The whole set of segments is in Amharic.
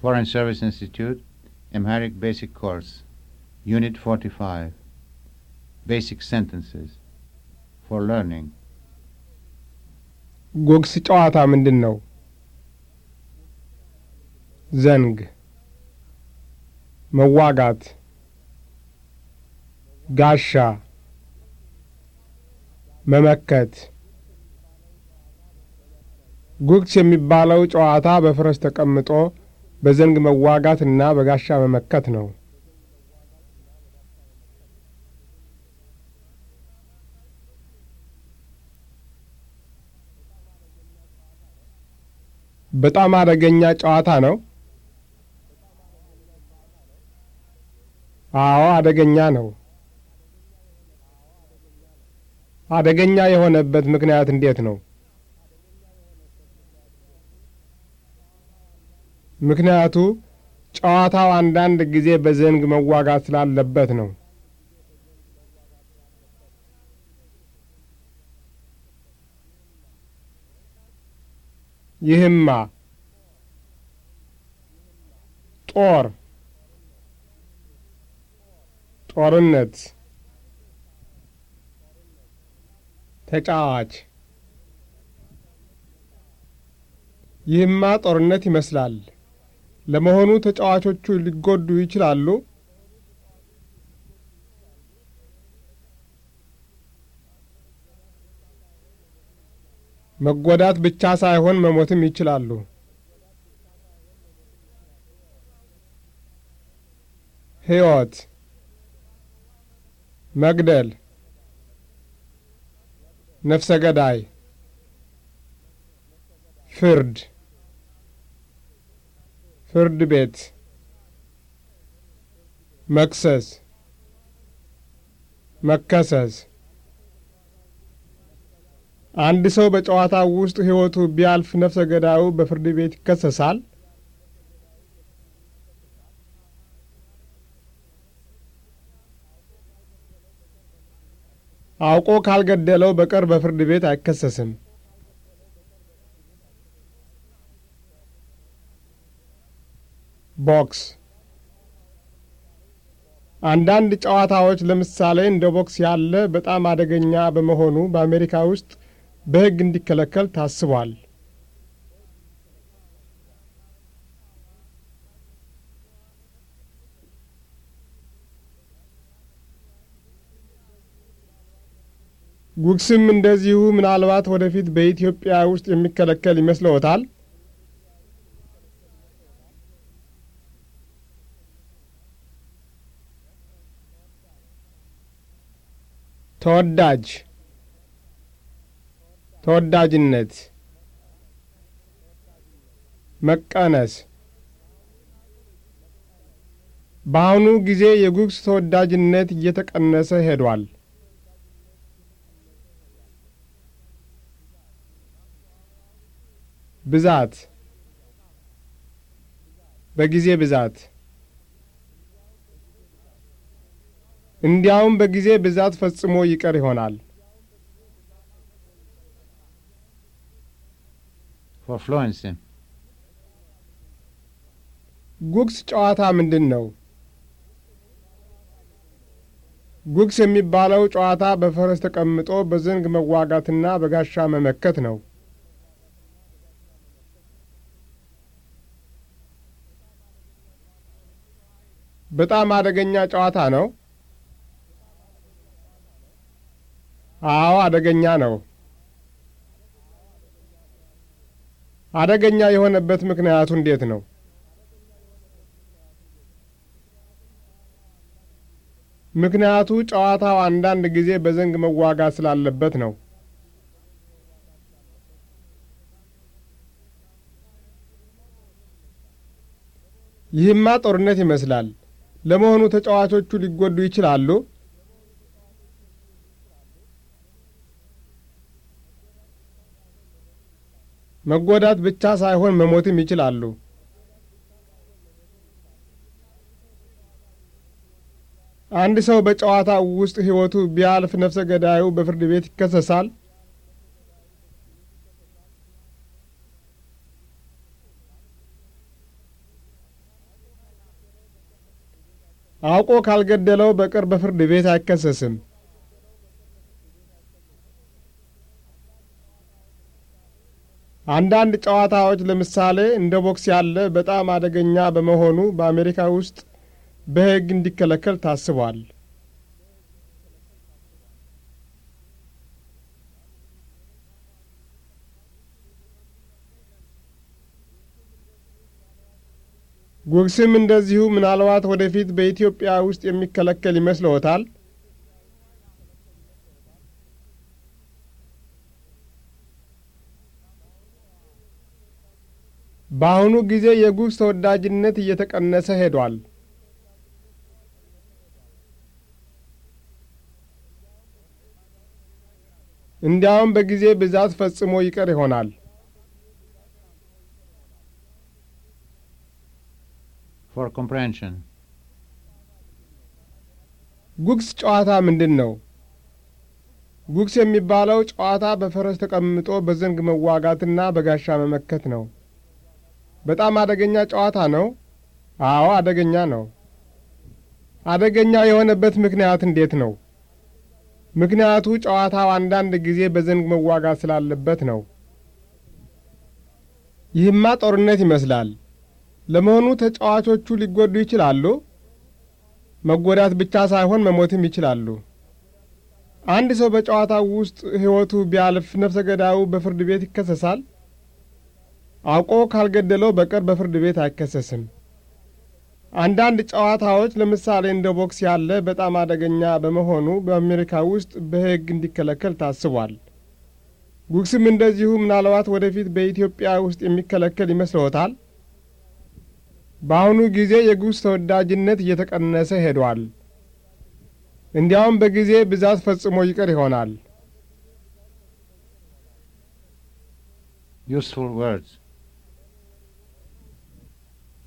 Foreign Service Institute, Amharic Basic Course, Unit 45, Basic Sentences, for Learning. ጎግስ ጨዋታ ምንድን ነው? ዘንግ፣ መዋጋት፣ ጋሻ፣ መመከት። ጉግስ የሚባለው ጨዋታ በፈረስ ተቀምጦ በዘንግ መዋጋትና በጋሻ መመከት ነው። በጣም አደገኛ ጨዋታ ነው። አዎ አደገኛ ነው። አደገኛ የሆነበት ምክንያት እንዴት ነው? ምክንያቱ ጨዋታው አንዳንድ ጊዜ በዘንግ መዋጋት ስላለበት ነው። ይህማ ጦር ጦርነት ተጫዋች ይህማ ጦርነት ይመስላል። ለመሆኑ ተጫዋቾቹ ሊጎዱ ይችላሉ? መጎዳት ብቻ ሳይሆን መሞትም ይችላሉ። ሕይወት መግደል፣ ነፍሰ ገዳይ፣ ፍርድ ፍርድ ቤት መክሰስ መከሰስ አንድ ሰው በጨዋታው ውስጥ ሕይወቱ ቢያልፍ ነፍሰ ገዳዩ በፍርድ ቤት ይከሰሳል? አውቆ ካልገደለው በቀር በፍርድ ቤት አይከሰስም። ቦክስ አንዳንድ ጨዋታዎች ለምሳሌ እንደ ቦክስ ያለ በጣም አደገኛ በመሆኑ በአሜሪካ ውስጥ በሕግ እንዲከለከል ታስቧል። ጉግስም እንደዚሁ ምናልባት ወደፊት በኢትዮጵያ ውስጥ የሚከለከል ይመስልዎታል? ተወዳጅ ተወዳጅነት መቀነስ በአሁኑ ጊዜ የጉግስ ተወዳጅነት እየተቀነሰ ሄዷል። ብዛት በጊዜ ብዛት እንዲያውም በጊዜ ብዛት ፈጽሞ ይቀር ይሆናል። ጉግስ ጨዋታ ምንድን ነው? ጉግስ የሚባለው ጨዋታ በፈረስ ተቀምጦ በዘንግ መዋጋትና በጋሻ መመከት ነው። በጣም አደገኛ ጨዋታ ነው። አዎ አደገኛ ነው። አደገኛ የሆነበት ምክንያቱ እንዴት ነው? ምክንያቱ ጨዋታው አንዳንድ ጊዜ በዘንግ መዋጋት ስላለበት ነው። ይህማ ጦርነት ይመስላል። ለመሆኑ ተጫዋቾቹ ሊጎዱ ይችላሉ? መጎዳት ብቻ ሳይሆን መሞትም ይችላሉ። አንድ ሰው በጨዋታ ውስጥ ሕይወቱ ቢያልፍ ነፍሰ ገዳዩ በፍርድ ቤት ይከሰሳል? አውቆ ካልገደለው በቀር በፍርድ ቤት አይከሰስም። አንዳንድ ጨዋታዎች ለምሳሌ እንደ ቦክስ ያለ በጣም አደገኛ በመሆኑ በአሜሪካ ውስጥ በሕግ እንዲከለከል ታስቧል። ጉግስም እንደዚሁ ምናልባት ወደፊት በኢትዮጵያ ውስጥ የሚከለከል ይመስልዎታል? በአሁኑ ጊዜ የጉግስ ተወዳጅነት እየተቀነሰ ሄዷል። እንዲያውም በጊዜ ብዛት ፈጽሞ ይቀር ይሆናል። ጉግስ ጨዋታ ምንድን ነው? ጉግስ የሚባለው ጨዋታ በፈረስ ተቀምጦ በዘንግ መዋጋትና በጋሻ መመከት ነው። በጣም አደገኛ ጨዋታ ነው። አዎ አደገኛ ነው። አደገኛ የሆነበት ምክንያት እንዴት ነው? ምክንያቱ ጨዋታው አንዳንድ ጊዜ በዘንግ መዋጋት ስላለበት ነው። ይህማ ጦርነት ይመስላል። ለመሆኑ ተጫዋቾቹ ሊጎዱ ይችላሉ? መጎዳት ብቻ ሳይሆን መሞትም ይችላሉ። አንድ ሰው በጨዋታው ውስጥ ሕይወቱ ቢያልፍ ነፍሰ ገዳዩ በፍርድ ቤት ይከሰሳል? አውቆ ካልገደለው በቀር በፍርድ ቤት አይከሰስም። አንዳንድ ጨዋታዎች ለምሳሌ እንደ ቦክስ ያለ በጣም አደገኛ በመሆኑ በአሜሪካ ውስጥ በሕግ እንዲከለከል ታስቧል። ጉግስም እንደዚሁ ምናልባት ወደፊት በኢትዮጵያ ውስጥ የሚከለከል ይመስልዎታል? በአሁኑ ጊዜ የጉግስ ተወዳጅነት እየተቀነሰ ሄዷል። እንዲያውም በጊዜ ብዛት ፈጽሞ ይቀር ይሆናል። Useful words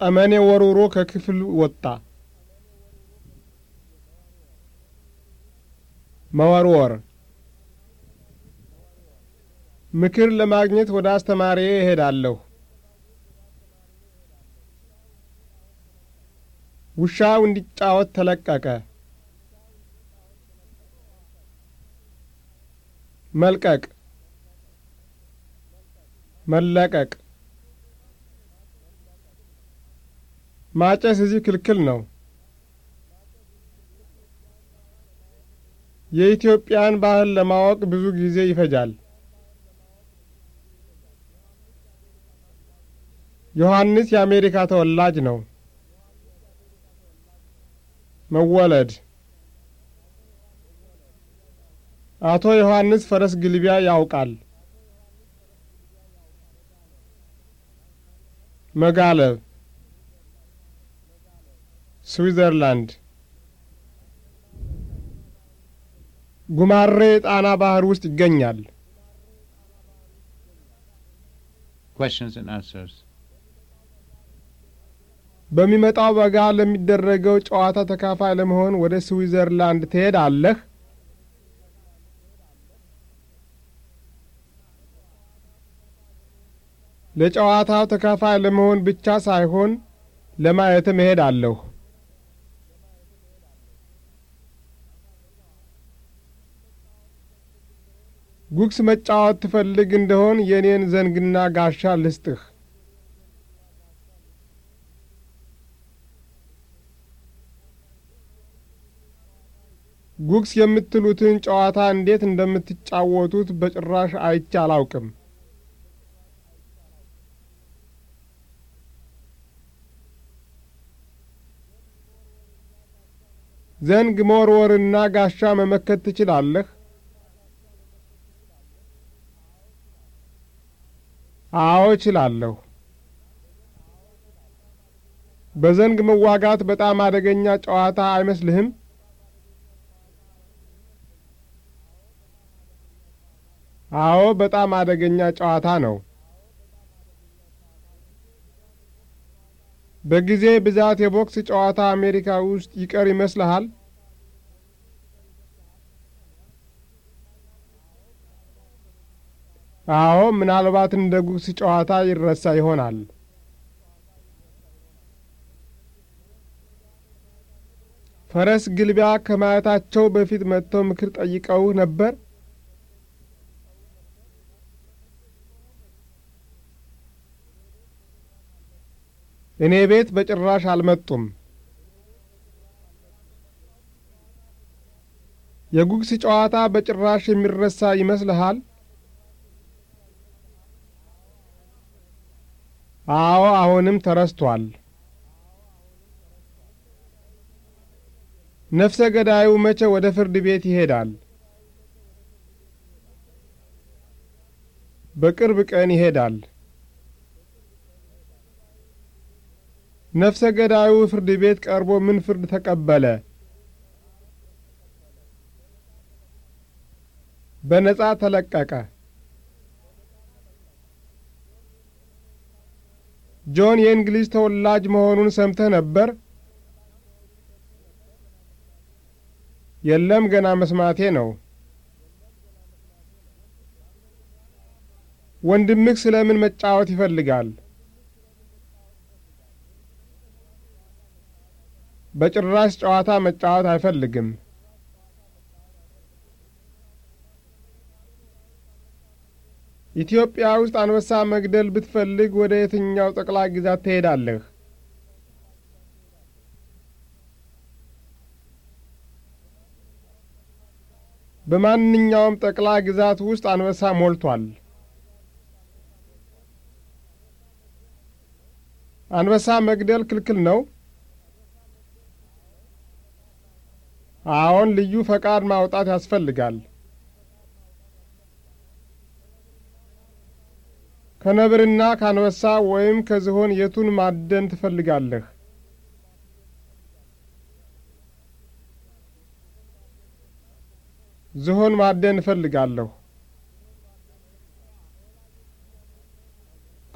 ጠመኔ ወርውሮ ከክፍል ወጣ። መወርወር ምክር ለማግኘት ወደ አስተማሪዬ እሄዳለሁ። ውሻው እንዲጫወት ተለቀቀ። መልቀቅ፣ መለቀቅ ማጨስ እዚህ ክልክል ነው። የኢትዮጵያን ባህል ለማወቅ ብዙ ጊዜ ይፈጃል። ዮሐንስ የአሜሪካ ተወላጅ ነው። መወለድ አቶ ዮሐንስ ፈረስ ግልቢያ ያውቃል። መጋለብ ስዊዘርላንድ ጉማሬ ጣና ባህር ውስጥ ይገኛል። በሚመጣው በጋ ለሚደረገው ጨዋታ ተካፋይ ለመሆን ወደ ስዊዘርላንድ ትሄዳለህ? ለጨዋታው ተካፋይ ለመሆን ብቻ ሳይሆን ለማየትም አለሁ። ጉግስ መጫወት ትፈልግ እንደሆን የእኔን ዘንግና ጋሻ ልስጥህ። ጉግስ የምትሉትን ጨዋታ እንዴት እንደምትጫወቱት በጭራሽ አይቼ አላውቅም። ዘንግ መወርወርና ጋሻ መመከት ትችላለህ? አዎ እችላለሁ። በዘንግ መዋጋት በጣም አደገኛ ጨዋታ አይመስልህም? አዎ በጣም አደገኛ ጨዋታ ነው። በጊዜ ብዛት የቦክስ ጨዋታ አሜሪካ ውስጥ ይቀር ይመስልሃል? አዎ፣ ምናልባት እንደ ጉግስ ጨዋታ ይረሳ ይሆናል። ፈረስ ግልቢያ ከማየታቸው በፊት መጥተው ምክር ጠይቀውህ ነበር? እኔ ቤት በጭራሽ አልመጡም። የጉግስ ጨዋታ በጭራሽ የሚረሳ ይመስልሃል? አዎ አሁንም ተረስቷል። ነፍሰ ገዳዩ መቼ ወደ ፍርድ ቤት ይሄዳል? በቅርብ ቀን ይሄዳል። ነፍሰ ገዳዩ ፍርድ ቤት ቀርቦ ምን ፍርድ ተቀበለ? በነጻ ተለቀቀ። ጆን የእንግሊዝ ተወላጅ መሆኑን ሰምተህ ነበር? የለም፣ ገና መስማቴ ነው። ወንድምህ ስለምን መጫወት ይፈልጋል? በጭራሽ ጨዋታ መጫወት አይፈልግም። ኢትዮጵያ ውስጥ አንበሳ መግደል ብትፈልግ ወደ የትኛው ጠቅላይ ግዛት ትሄዳለህ? በማንኛውም ጠቅላይ ግዛት ውስጥ አንበሳ ሞልቷል። አንበሳ መግደል ክልክል ነው? አዎን፣ ልዩ ፈቃድ ማውጣት ያስፈልጋል። ከነብርና ካንበሳ ወይም ከዝሆን የቱን ማደን ትፈልጋለህ? ዝሆን ማደን እፈልጋለሁ።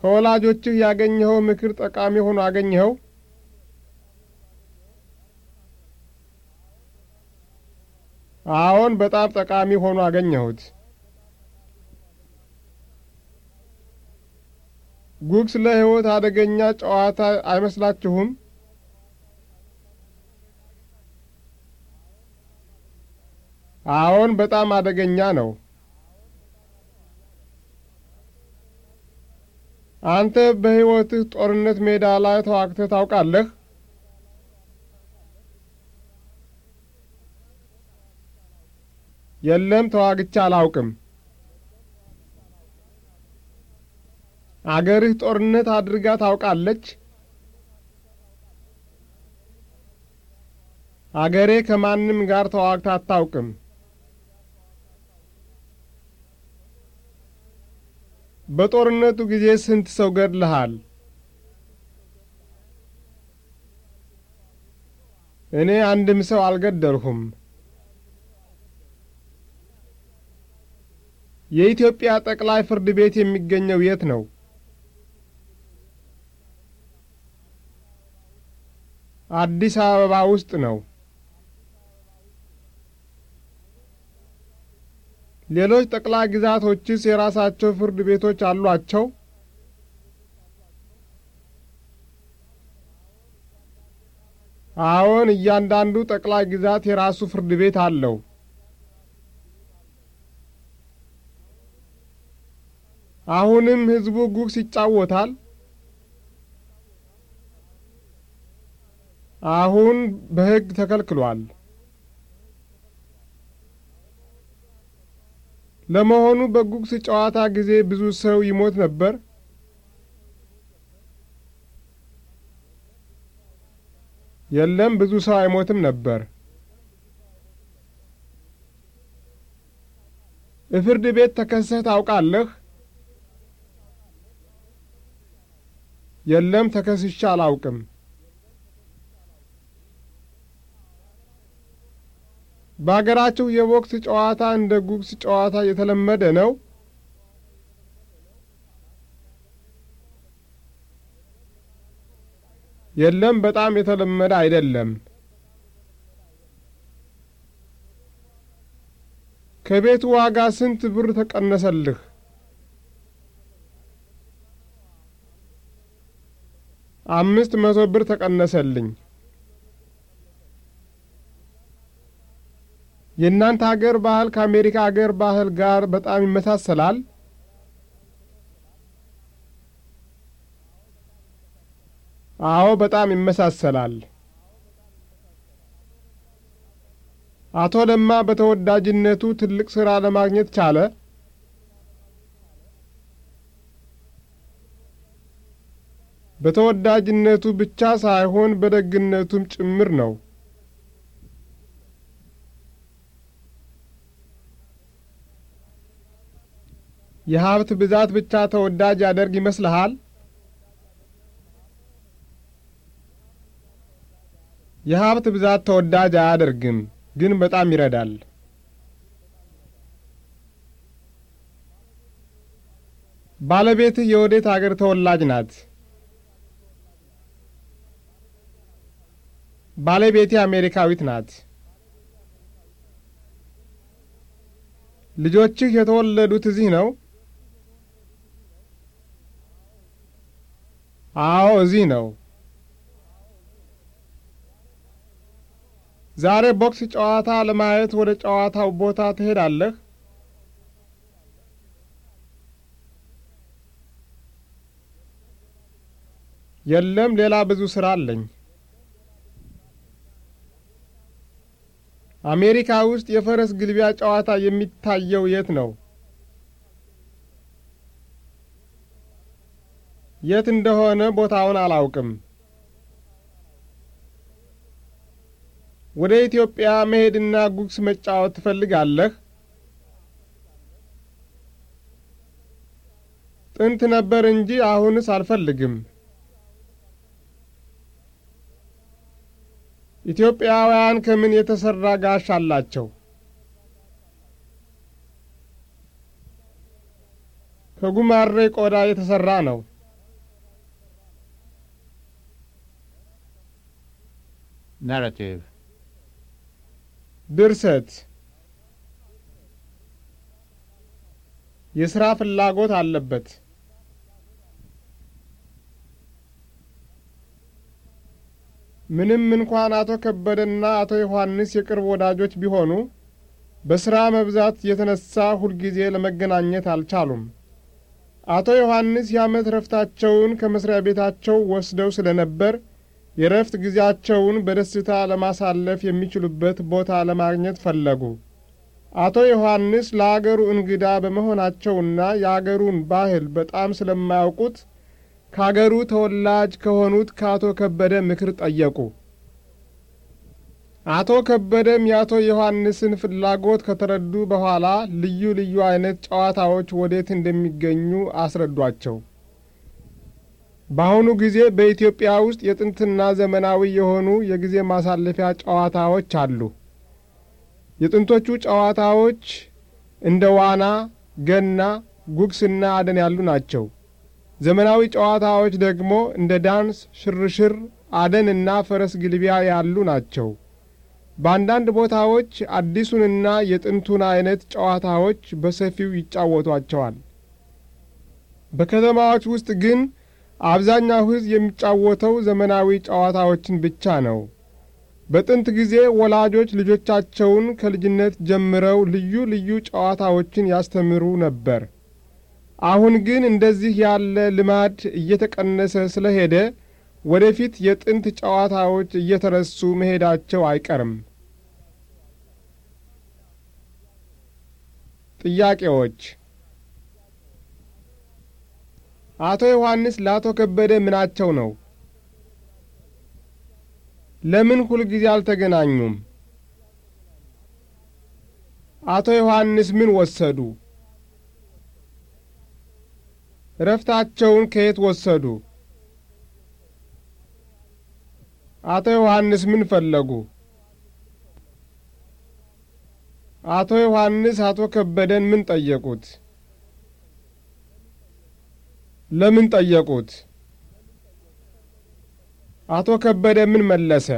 ከወላጆችህ ያገኘኸው ምክር ጠቃሚ ሆኖ አገኘኸው? አዎን፣ በጣም ጠቃሚ ሆኖ አገኘሁት። ጉግስ ለሕይወት አደገኛ ጨዋታ አይመስላችሁም? አዎን፣ በጣም አደገኛ ነው። አንተ በሕይወትህ ጦርነት ሜዳ ላይ ተዋግተህ ታውቃለህ? የለም፣ ተዋግቼ አላውቅም። አገርህ ጦርነት አድርጋ ታውቃለች? አገሬ ከማንም ጋር ተዋግታ አታውቅም። በጦርነቱ ጊዜ ስንት ሰው ገድልሃል? እኔ አንድም ሰው አልገደልሁም። የኢትዮጵያ ጠቅላይ ፍርድ ቤት የሚገኘው የት ነው? አዲስ አበባ ውስጥ ነው። ሌሎች ጠቅላይ ግዛቶችስ የራሳቸው ፍርድ ቤቶች አሏቸው? አዎን፣ እያንዳንዱ ጠቅላይ ግዛት የራሱ ፍርድ ቤት አለው። አሁንም ሕዝቡ ጉግስ ይጫወታል። አሁን በሕግ ተከልክሏል። ለመሆኑ በጉግስ ጨዋታ ጊዜ ብዙ ሰው ይሞት ነበር? የለም፣ ብዙ ሰው አይሞትም ነበር። እፍርድ ቤት ተከሰህ ታውቃለህ? የለም፣ ተከስቼ አላውቅም። በአገራቸው የቦክስ ጨዋታ እንደ ጉግስ ጨዋታ የተለመደ ነው? የለም፣ በጣም የተለመደ አይደለም። ከቤቱ ዋጋ ስንት ብር ተቀነሰልህ? አምስት መቶ ብር ተቀነሰልኝ። የእናንተ አገር ባህል ከአሜሪካ አገር ባህል ጋር በጣም ይመሳሰላል? አዎ፣ በጣም ይመሳሰላል። አቶ ለማ በተወዳጅነቱ ትልቅ ሥራ ለማግኘት ቻለ? በተወዳጅነቱ ብቻ ሳይሆን በደግነቱም ጭምር ነው። የሀብት ብዛት ብቻ ተወዳጅ ያደርግ ይመስልሃል? የሀብት ብዛት ተወዳጅ አያደርግም፣ ግን በጣም ይረዳል። ባለቤት የወዴት አገር ተወላጅ ናት? ባለቤት አሜሪካዊት ናት። ልጆችህ የተወለዱት እዚህ ነው? አዎ እዚህ ነው። ዛሬ ቦክስ ጨዋታ ለማየት ወደ ጨዋታው ቦታ ትሄዳለህ? የለም፣ ሌላ ብዙ ስራ አለኝ። አሜሪካ ውስጥ የፈረስ ግልቢያ ጨዋታ የሚታየው የት ነው? የት እንደሆነ ቦታውን አላውቅም። ወደ ኢትዮጵያ መሄድና ጉግስ መጫወት ትፈልጋለህ? ጥንት ነበር እንጂ አሁንስ አልፈልግም። ኢትዮጵያውያን ከምን የተሠራ ጋሻ አላቸው? ከጉማሬ ቆዳ የተሠራ ነው። narrative ድርሰት የስራ ፍላጎት አለበት። ምንም እንኳን አቶ ከበደና አቶ ዮሐንስ የቅርብ ወዳጆች ቢሆኑ በስራ መብዛት የተነሳ ሁልጊዜ ለመገናኘት አልቻሉም። አቶ ዮሐንስ የዓመት ረፍታቸውን ከመስሪያ ቤታቸው ወስደው ስለነበር የረፍት ጊዜያቸውን በደስታ ለማሳለፍ የሚችሉበት ቦታ ለማግኘት ፈለጉ። አቶ ዮሐንስ ለአገሩ እንግዳ በመሆናቸውና የአገሩን ባህል በጣም ስለማያውቁት ከአገሩ ተወላጅ ከሆኑት ከአቶ ከበደ ምክር ጠየቁ። አቶ ከበደም የአቶ ዮሐንስን ፍላጎት ከተረዱ በኋላ ልዩ ልዩ አይነት ጨዋታዎች ወዴት እንደሚገኙ አስረዷቸው። በአሁኑ ጊዜ በኢትዮጵያ ውስጥ የጥንትና ዘመናዊ የሆኑ የጊዜ ማሳለፊያ ጨዋታዎች አሉ። የጥንቶቹ ጨዋታዎች እንደ ዋና፣ ገና፣ ጉግስና አደን ያሉ ናቸው። ዘመናዊ ጨዋታዎች ደግሞ እንደ ዳንስ፣ ሽርሽር፣ አደንና ፈረስ ግልቢያ ያሉ ናቸው። በአንዳንድ ቦታዎች አዲሱንና የጥንቱን አይነት ጨዋታዎች በሰፊው ይጫወቷቸዋል። በከተማዎች ውስጥ ግን አብዛኛው ሕዝብ የሚጫወተው ዘመናዊ ጨዋታዎችን ብቻ ነው። በጥንት ጊዜ ወላጆች ልጆቻቸውን ከልጅነት ጀምረው ልዩ ልዩ ጨዋታዎችን ያስተምሩ ነበር። አሁን ግን እንደዚህ ያለ ልማድ እየተቀነሰ ስለሄደ ወደፊት የጥንት ጨዋታዎች እየተረሱ መሄዳቸው አይቀርም። ጥያቄዎች አቶ ዮሐንስ ለአቶ ከበደ ምናቸው ነው? ለምን ሁልጊዜ አልተገናኙም? አቶ ዮሐንስ ምን ወሰዱ? እረፍታቸውን ከየት ወሰዱ? አቶ ዮሐንስ ምን ፈለጉ? አቶ ዮሐንስ አቶ ከበደን ምን ጠየቁት? ለምን ጠየቁት? አቶ ከበደ ምን መለሰ?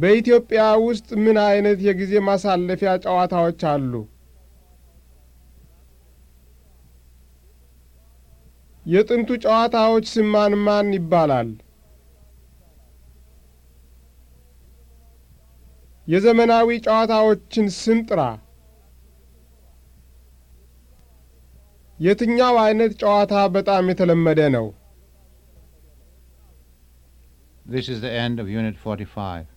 በኢትዮጵያ ውስጥ ምን አይነት የጊዜ ማሳለፊያ ጨዋታዎች አሉ? የጥንቱ ጨዋታዎች ስም ማን ማን ይባላል? የዘመናዊ ጨዋታዎችን ስም ጥራ። የትኛው አይነት ጨዋታ በጣም የተለመደ ነው? This is the end of Unit 45.